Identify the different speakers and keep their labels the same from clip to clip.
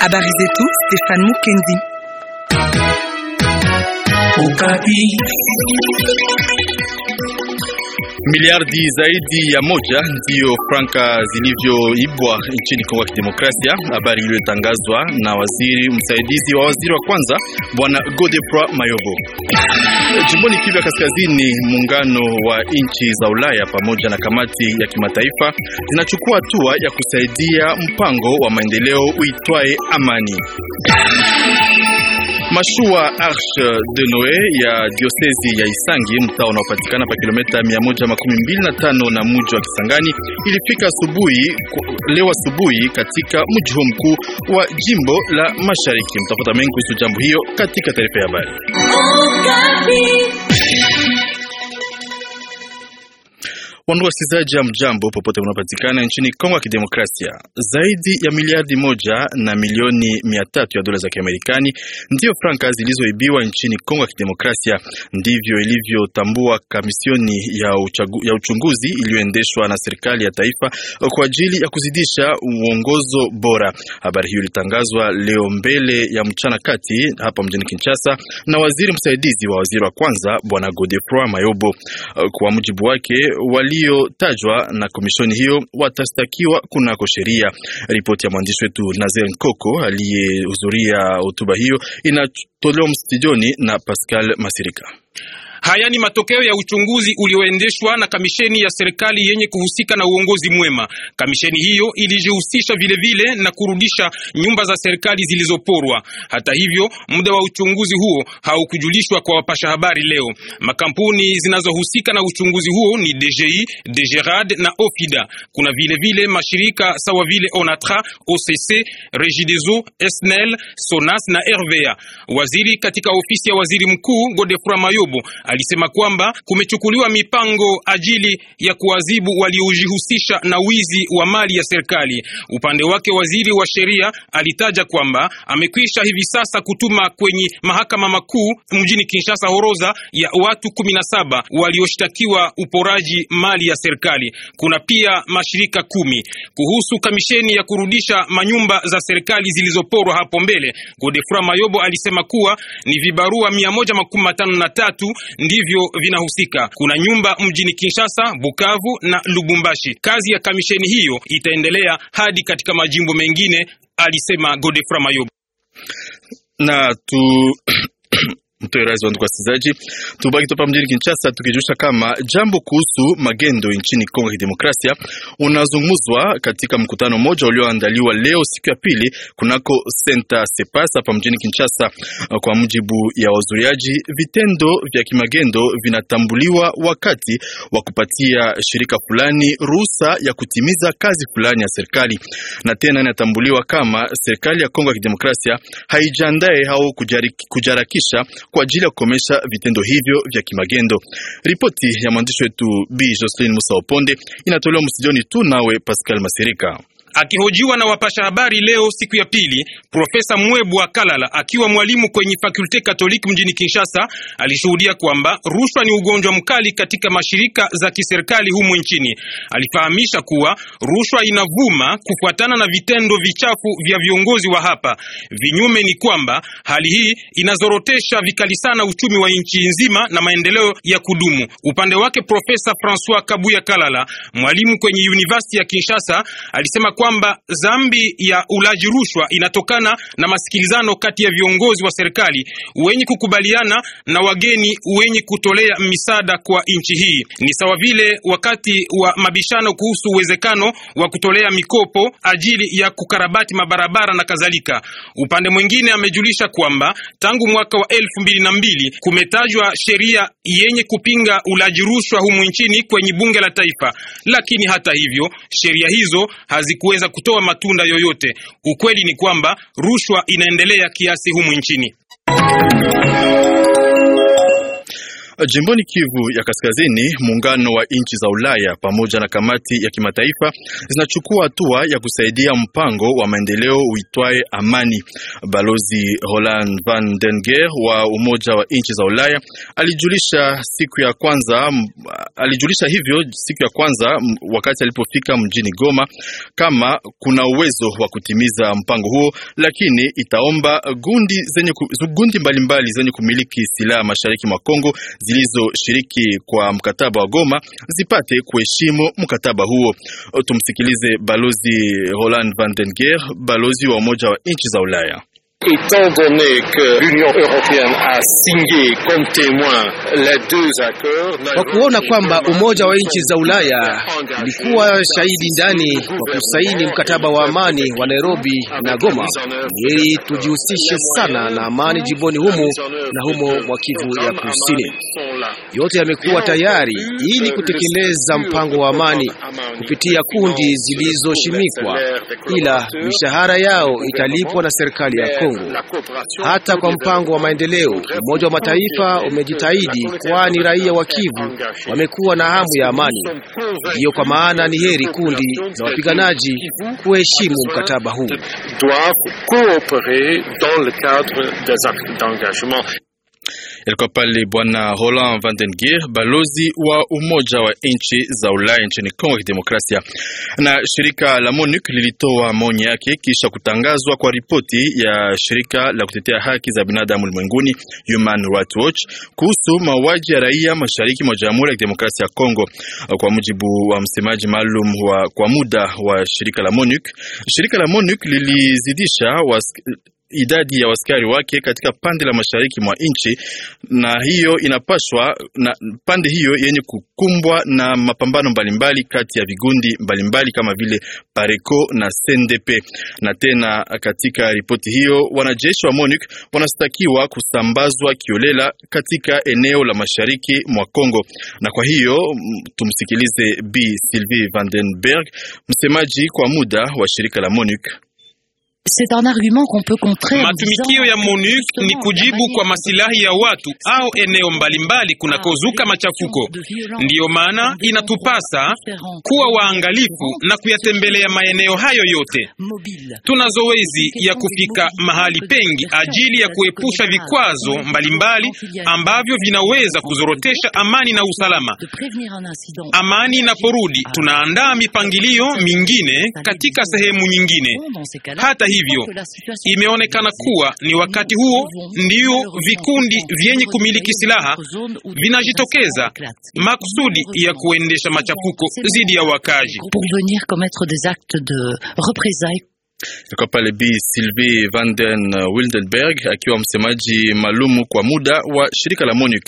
Speaker 1: Habari tout, Stéphane Mukendi. Okapi.
Speaker 2: Miliardi zaidi ya moja ndiyo franka zilivyoibwa nchini Kongo ya Kidemokrasia, habari iliyotangazwa na waziri msaidizi wa waziri wa kwanza bwana Godefroid Mayobo. Jimboni Kivu ya Kaskazini, muungano wa nchi za Ulaya pamoja na kamati ya kimataifa zinachukua hatua ya kusaidia mpango wa maendeleo uitwaye Amani. Mashua Arche de Noe ya diosezi ya Isangi, mtaa unaopatikana pa kilomita 125 na mji wa Kisangani, ilifika asubuhi leo asubuhi katika mji mkuu wa jimbo la Mashariki. Mtapata mengi kuhusu jambo hiyo katika taarifa ya habari. Oh, Wandugu wasikilizaji, ya mjambo popote unapatikana nchini Kongo ya Kidemokrasia, zaidi ya miliardi moja na milioni mia tatu ya dola za Kiamerikani ndiyo franka zilizoibiwa nchini Kongo ya Kidemokrasia. Ndivyo ilivyotambua kamisioni ya, ya uchunguzi iliyoendeshwa na serikali ya taifa kwa ajili ya kuzidisha uongozo bora. Habari hiyo ilitangazwa leo mbele ya mchana kati hapa mjini Kinshasa na waziri msaidizi wa waziri wa kwanza Bwana Godefroid Mayobo. Kwa mujibu wake wali iliyotajwa na komishoni hiyo watastakiwa kunako sheria. Ripoti ya mwandishi wetu Nazer Nkoko aliyehudhuria hotuba hiyo inatolewa msitijoni na Pascal Masirika.
Speaker 3: Haya ni matokeo ya uchunguzi ulioendeshwa na kamisheni ya serikali yenye kuhusika na uongozi mwema. Kamisheni hiyo ilijihusisha vilevile na kurudisha nyumba za serikali zilizoporwa. Hata hivyo, muda wa uchunguzi huo haukujulishwa kwa wapasha habari leo. Makampuni zinazohusika na uchunguzi huo ni DGI, DGRAD na OFIDA. Kuna vilevile vile mashirika sawa vile ONATRA, OCC, Regideso, SNEL, SONAS na RVA. Waziri katika ofisi ya waziri mkuu Godefroid Mayobo alisema kwamba kumechukuliwa mipango ajili ya kuadhibu waliojihusisha na wizi wa mali ya serikali. Upande wake, waziri wa sheria alitaja kwamba amekwisha hivi sasa kutuma kwenye mahakama makuu mjini Kinshasa horoza ya watu 17 walioshtakiwa uporaji mali ya serikali. Kuna pia mashirika kumi. Kuhusu kamisheni ya kurudisha manyumba za serikali zilizoporwa hapo mbele, Godefroid Mayobo alisema kuwa ni vibarua 153 ndivyo vinahusika. Kuna nyumba mjini Kinshasa, Bukavu na Lubumbashi. Kazi ya kamisheni hiyo itaendelea hadi katika majimbo mengine, alisema Godefra Mayob
Speaker 2: na tu Mtoerazi ndugu wasikilizaji, tubaki topa mjini Kinshasa tukijulisha kama jambo kuhusu magendo nchini Kongo ya Demokrasia unazungumzwa katika mkutano mmoja ulioandaliwa leo siku ya pili kunako Center Sepas hapa mjini Kinshasa. Kwa mujibu ya wazuriaji, vitendo vya kimagendo vinatambuliwa wakati wa kupatia shirika fulani ruhusa ya kutimiza kazi fulani ya serikali, na tena inatambuliwa kama serikali ya Kongo ya Kidemokrasia haijandae au kujarakisha kwa ajili ya kukomesha vitendo hivyo vya kimagendo. Ripoti ya mwandishi wetu joselin Jocelyn Musaoponde inatolewa msijoni tu nawe Pascal Masirika.
Speaker 3: Akihojiwa na wapasha habari leo siku ya pili, Profesa Mwebwa Kalala akiwa mwalimu kwenye Fakulte Katoliki mjini Kinshasa alishuhudia kwamba rushwa ni ugonjwa mkali katika mashirika za kiserikali humu nchini. Alifahamisha kuwa rushwa inavuma kufuatana na vitendo vichafu vya viongozi wa hapa. Vinyume ni kwamba hali hii inazorotesha vikali sana uchumi wa nchi nzima na maendeleo ya kudumu. Upande wake, Profesa Francois Kabuya Kalala, mwalimu kwenye University ya Kinshasa, alisema kwamba dhambi ya ulaji rushwa inatokana na masikilizano kati ya viongozi wa serikali wenye kukubaliana na wageni wenye kutolea misaada kwa nchi hii. Ni sawa vile wakati wa mabishano kuhusu uwezekano wa kutolea mikopo ajili ya kukarabati mabarabara na kadhalika. Upande mwingine, amejulisha kwamba tangu mwaka wa elfu mbili na mbili kumetajwa sheria yenye kupinga ulaji rushwa humu nchini kwenye bunge la taifa, lakini hata hivyo sheria hizo haziku kuweza kutoa matunda yoyote. Ukweli ni kwamba rushwa inaendelea kiasi humu nchini.
Speaker 2: Jimboni Kivu ya Kaskazini, muungano wa nchi za Ulaya pamoja na kamati ya kimataifa zinachukua hatua ya kusaidia mpango wa maendeleo uitwaye amani. Balozi Roland Van Denger wa Umoja wa nchi za Ulaya alijulisha siku ya kwanza, alijulisha hivyo siku ya kwanza wakati alipofika mjini Goma, kama kuna uwezo wa kutimiza mpango huo, lakini itaomba gundi zenye, gundi mbalimbali zenye kumiliki silaha mashariki mwa Kongo zilizoshiriki kwa mkataba wa Goma zipate kuheshimu mkataba huo. Tumsikilize Balozi Roland Vandenger, balozi wa Umoja wa Nchi za Ulaya.
Speaker 1: Étant donné que l'Union Européenne a signé comme témoin les deux accords, kwa kuona kwamba umoja wa nchi
Speaker 4: za Ulaya
Speaker 1: ulikuwa shahidi ndani kwa kusaini mkataba wa amani wa Nairobi na Goma, ili tujihusishe sana na amani jimboni humo na humo mwa Kivu ya Kusini yote yamekuwa tayari ili kutekeleza mpango wa amani kupitia kundi zilizoshimikwa, ila mishahara yao italipwa na serikali ya Kongo. Hata kwa mpango wa maendeleo, Umoja wa Mataifa umejitahidi, kwani raia wa Kivu wamekuwa na hamu ya amani. hiyo. kwa maana ni heri kundi za wapiganaji kuheshimu mkataba huu.
Speaker 2: Ilikuwa pale bwana Roland Vandengir, balozi wa Umoja wa Nchi za Ulaya nchini Kongo ya Kidemokrasia. Na shirika la MONUC lilitoa maoni yake kisha kutangazwa kwa ripoti ya shirika la kutetea haki za binadamu ulimwenguni Human Rights Watch kuhusu mauaji ya raia mashariki mwa Jamhuri ya Kidemokrasia ya Kongo. Kwa mujibu wa msemaji maalum kwa muda wa shirika la MONUC, shirika la MONUC lilizidisha idadi ya waskari wake katika pande la mashariki mwa nchi, na hiyo inapaswa na pande hiyo yenye kukumbwa na mapambano mbalimbali kati ya vigundi mbalimbali kama vile Pareco na CNDP. Na tena katika ripoti hiyo, wanajeshi wa MONUC wanastakiwa kusambazwa kiolela katika eneo la mashariki mwa Kongo. Na kwa hiyo tumsikilize B Sylvie Vandenberg, msemaji kwa muda wa shirika la MONUC
Speaker 3: c'est un argument qu'on peut contrer.
Speaker 1: Matumikio ya MONUC ni kujibu
Speaker 2: kwa masilahi ya watu au eneo mbalimbali
Speaker 3: kunakozuka machafuko. Ndiyo maana inatupasa kuwa waangalifu na kuyatembelea maeneo hayo yote. Tuna zoezi ya kufika mahali pengi ajili ya kuepusha vikwazo mbalimbali ambavyo vinaweza kuzorotesha amani na usalama. Amani inaporudi, ah. tunaandaa mipangilio mingine katika sehemu nyingine
Speaker 2: hata hivyo,
Speaker 3: imeonekana kuwa ni wakati huo ndio vikundi vyenye kumiliki silaha vinajitokeza makusudi ya kuendesha machafuko dhidi ya wakazi.
Speaker 2: Ilikuwa pale Bi Sylvie van den uh, Wildenberg akiwa msemaji maalumu kwa muda wa shirika la MONUC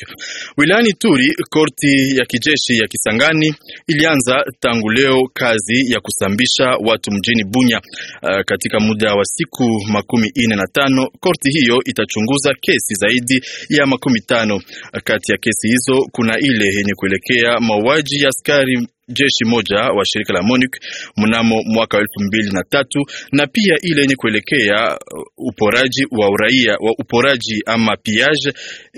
Speaker 2: wilayani Turi. Korti ya kijeshi ya Kisangani ilianza tangu leo kazi ya kusambisha watu mjini Bunya. Uh, katika muda wa siku makumi ine na tano korti hiyo itachunguza kesi zaidi ya makumi tano. Kati ya kesi hizo kuna ile yenye kuelekea mauaji ya askari jeshi moja wa shirika la MONUC mnamo mwaka wa elfu mbili na tatu na pia ile yenye kuelekea uh, uporaji wa uraia wa uporaji ama piage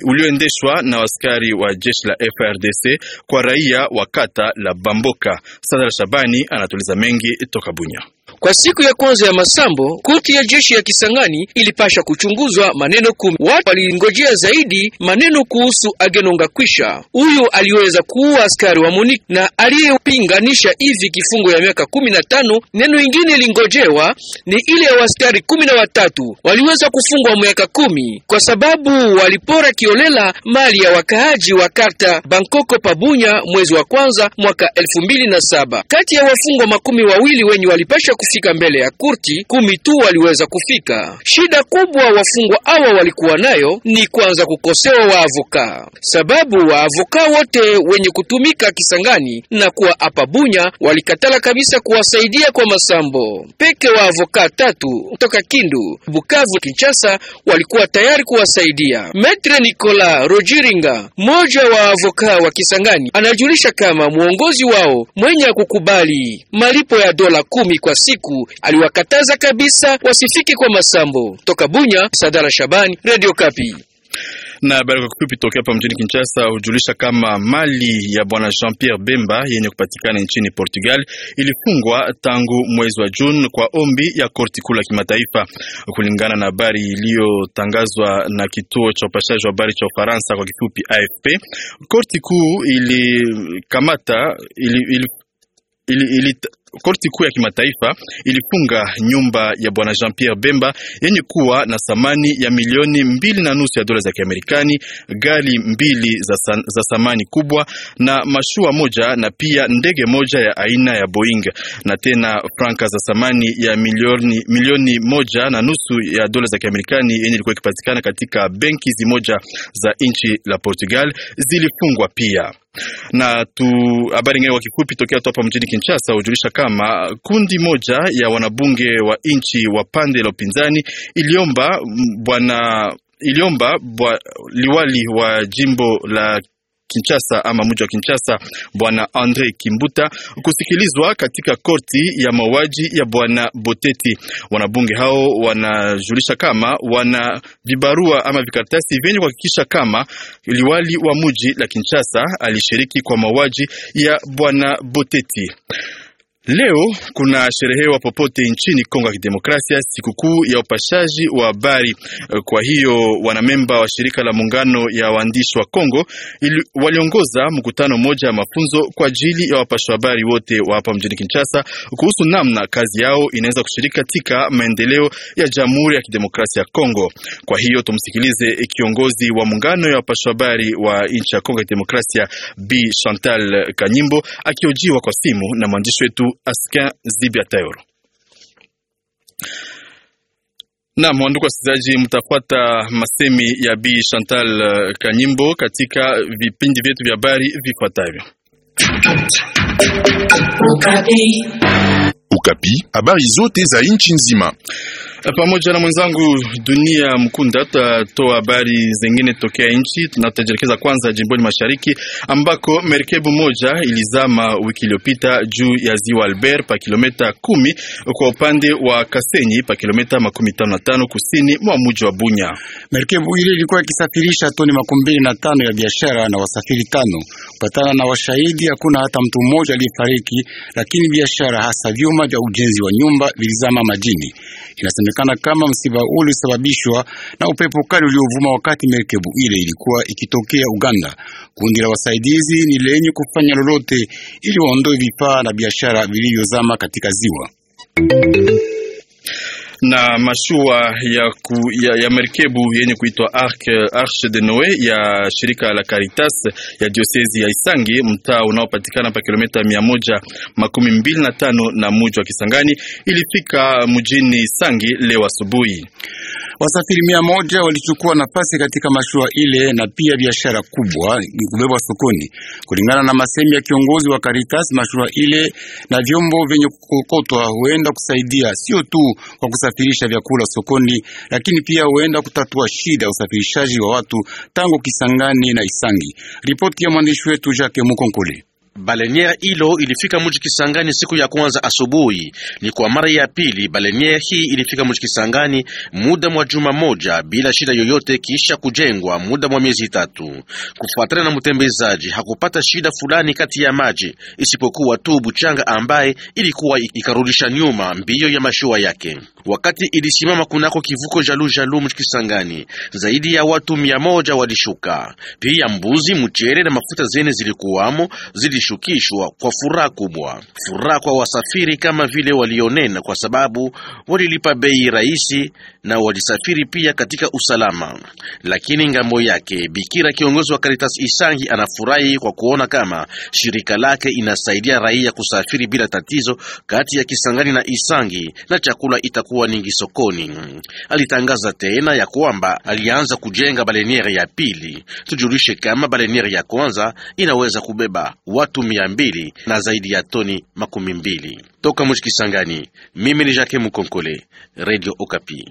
Speaker 2: ulioendeshwa na askari wa jeshi la FRDC kwa raia wa kata la Bamboka. Sadra Shabani anatuliza mengi toka Bunya.
Speaker 1: Kwa siku ya kwanza ya masambo, koti ya jeshi ya Kisangani ilipasha kuchunguzwa maneno kumi. Watu walingojea zaidi maneno kuhusu Agenonga Kwisha, huyu aliweza kuua askari wa Munich na aliyepinganisha hivi kifungo ya miaka kumi na tano. Neno ingine ilingojewa ni ile ya askari kumi na watatu waliweza kufungwa miaka kumi kwa sababu walipora kiolela mali ya wakaaji wa karta Bankoko Pabunya mwezi wa kwanza mwaka elfu mbili na saba. Kati ya wafungwa makumi wawili wenye walipasha waliokwisha kufika mbele ya kurti kumi tu waliweza kufika. Shida kubwa wafungwa hawa walikuwa nayo ni kwanza kukosewa waavoka, sababu waavoka wote wenye kutumika Kisangani na kuwa hapa Bunya walikatala kabisa kuwasaidia kwa masambo peke. Waavoka tatu kutoka Kindu, Bukavu, Kinshasa walikuwa tayari kuwasaidia. Metre Nicolas Rojiringa, mmoja wa avoka wa Kisangani, anajulisha kama mwongozi wao mwenye kukubali malipo ya dola kumi kwa siku aliwakataza kabisa wasifike kwa masambo. Toka Bunya, Sadara Shabani, Radio Kapi
Speaker 2: na habari kwa kifupi tokea hapa mjini Kinshasa hujulisha kama mali ya bwana Jean Pierre Bemba yenye kupatikana nchini Portugal ilifungwa tangu mwezi wa Juni kwa ombi ya korti kuu la kimataifa, kulingana na habari iliyotangazwa na kituo cha upashaji wa habari cha Ufaransa kwa kifupi AFP. Korti kuu ilikamata ili, ili, ili, ili, korti kuu ya kimataifa ilifunga nyumba ya bwana Jean Pierre Bemba yenye kuwa na thamani ya milioni mbili na nusu ya dola za Kiamerikani, gari mbili za, san, za thamani kubwa na mashua moja na pia ndege moja ya aina ya Boeing na tena franka za thamani ya milioni, milioni moja na nusu ya dola za Kiamerikani yenye ilikuwa ikipatikana katika benki zimoja za nchi la Portugal zilifungwa pia. Na tu habari ngine kwa kifupi tokea tu hapa mjini Kinshasa hujulisha kama kundi moja ya wanabunge wa nchi wa pande la upinzani iliomba bwana iliomba bwa, liwali wa jimbo la Kinshasa ama mji wa Kinshasa bwana Andre Kimbuta kusikilizwa katika korti ya mauaji ya bwana Boteti. Wanabunge hao wanajulisha kama wana vibarua ama vikaratasi vyenye kuhakikisha kama liwali wa mji la Kinshasa alishiriki kwa mauaji ya bwana Boteti. Leo kuna sherehewa popote nchini Kongo ya Kidemokrasia sikukuu ya upashaji wa habari. Kwa hiyo wanamemba wa shirika la muungano ya waandishi wa Kongo waliongoza mkutano mmoja ya mafunzo kwa ajili ya wapasha habari wote wa hapa mjini Kinshasa kuhusu namna kazi yao inaweza kushiriki katika maendeleo ya Jamhuri ya Kidemokrasia ya Kongo. Kwa hiyo tumsikilize kiongozi wa muungano ya wapasha habari wa nchi ya Kongo ya Kidemokrasia, Bi Chantal Kanyimbo, akiojiwa kwa simu na mwandishi wetu aska dhidi ya Tauro. Naam, wandugu wasikilizaji, mtafuata masemi ya Bi Chantal uh, Kanyimbo katika vipindi vyetu vya habari vifuatavyo. Ukapi, habari zote za nchi nzima pamoja na mwenzangu Dunia Mkunda tutatoa habari zingine tokea nchi. Tunatajelekeza kwanza jimboni mashariki ambako merikebu moja ilizama wiki iliyopita juu ya ziwa Albert pa kilomita kumi kwa upande wa Kasenyi pa kilomita makumi tano na tano kusini mwa mji wa Bunya. Merikebu ile ilikuwa ikisafirisha toni makumi mbili na tano ya biashara na wasafiri
Speaker 3: tano. Patana na washahidi, hakuna hata mtu mmoja aliyefariki, lakini biashara hasa vyuma vya ujenzi wa nyumba vilizama majini Inasema inasemekana kama msiba ule ulisababishwa na upepo kali uliovuma wakati merikebu ile ilikuwa ikitokea Uganda. Kundi la wasaidizi ni lenye kufanya lolote ili waondoe vifaa na biashara vilivyozama
Speaker 2: katika ziwa na mashua ya, ku, ya, ya merkebu yenye kuitwa Arche de Noe ya shirika la Caritas ya diosezi ya Isangi, mtaa unaopatikana pa kilomita mia moja makumi mbili na tano na muji wa Kisangani ilifika mjini Isangi leo asubuhi. Wasafiri mia moja walichukua nafasi katika mashua ile na pia biashara kubwa kubebwa
Speaker 3: sokoni. Kulingana na masemi ya kiongozi wa Caritas, mashua ile na vyombo vyenye kukokotwa huenda kusaidia sio tu kwa kusafirisha vyakula sokoni, lakini pia huenda kutatua shida ya usafirishaji wa watu tangu Kisangani na Isangi. Ripoti
Speaker 4: ya mwandishi wetu Jacques Mukonkole. Baleniere hilo ilifika mji Kisangani siku ya kwanza asubuhi. Ni kwa mara ya pili baleniere hii ilifika mji Kisangani muda mwa juma moja bila shida yoyote, kisha kujengwa muda mwa miezi tatu. Kufuatana na mtembezaji, hakupata shida fulani kati ya maji, isipokuwa tu buchanga ambaye ilikuwa ikarudisha nyuma mbio ya mashua yake wakati ilisimama kunako kivuko Jalu Jalu Mchikisangani, zaidi ya watu mia moja walishuka. Pia mbuzi, mchere na mafuta zene zilikuwamo zilishukishwa kwa furaha kubwa, furaha kwa wasafiri kama vile walionena, kwa sababu walilipa bei rahisi na walisafiri pia katika usalama. Lakini ngambo yake Bikira, kiongozi wa karitas Isangi, anafurahi kwa kuona kama shirika lake inasaidia raia kusafiri bila tatizo kati ya Kisangani na Isangi na chakula itaku kuwa ningi sokoni. Alitangaza tena ya kwamba alianza kujenga baleniere ya pili. Tujulishe kama baleniere ya kwanza inaweza kubeba watu mia mbili na zaidi ya toni makumi mbili. Toka mji Kisangani, mimi ni Jacques Mukonkole, Radio Okapi.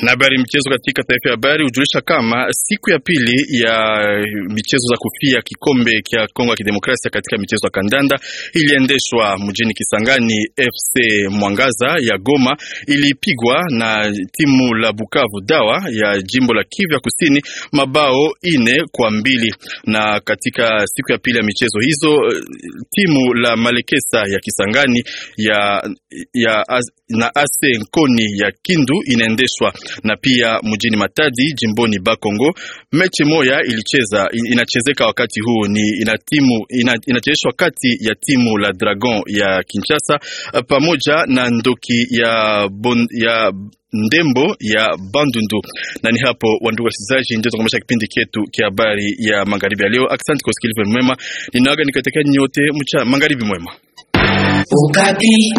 Speaker 2: Na habari michezo katika taifa ya habari hujulisha kama siku ya pili ya eh, michezo za kufia kikombe cha Kongo ya Kidemokrasia katika michezo ya kandanda iliendeshwa mjini Kisangani. FC Mwangaza ya Goma ilipigwa na timu la Bukavu Dawa ya jimbo la Kivu ya Kusini mabao ine kwa mbili. Na katika siku ya pili ya michezo hizo eh, timu la Malekesa ya Kisangani ya, ya, na Ase Nkoni ya Kindu inaendeshwa na pia mjini Matadi jimboni Bakongo. Mechi moya ilicheza inachezeka wakati huu ni inatimu ina, inachezeshwa kati ya timu la Dragon ya Kinshasa pamoja na Ndoki ya, bon, ya Ndembo ya Bandundu. Na ni hapo wandugu wasikilizaji, ndio tunakomesha kipindi chetu cha habari ya magharibi ya leo. Asante kwa usikilivu mwema, ninaaga nikatakia nyote mcha magharibi mwema.
Speaker 1: Ukati.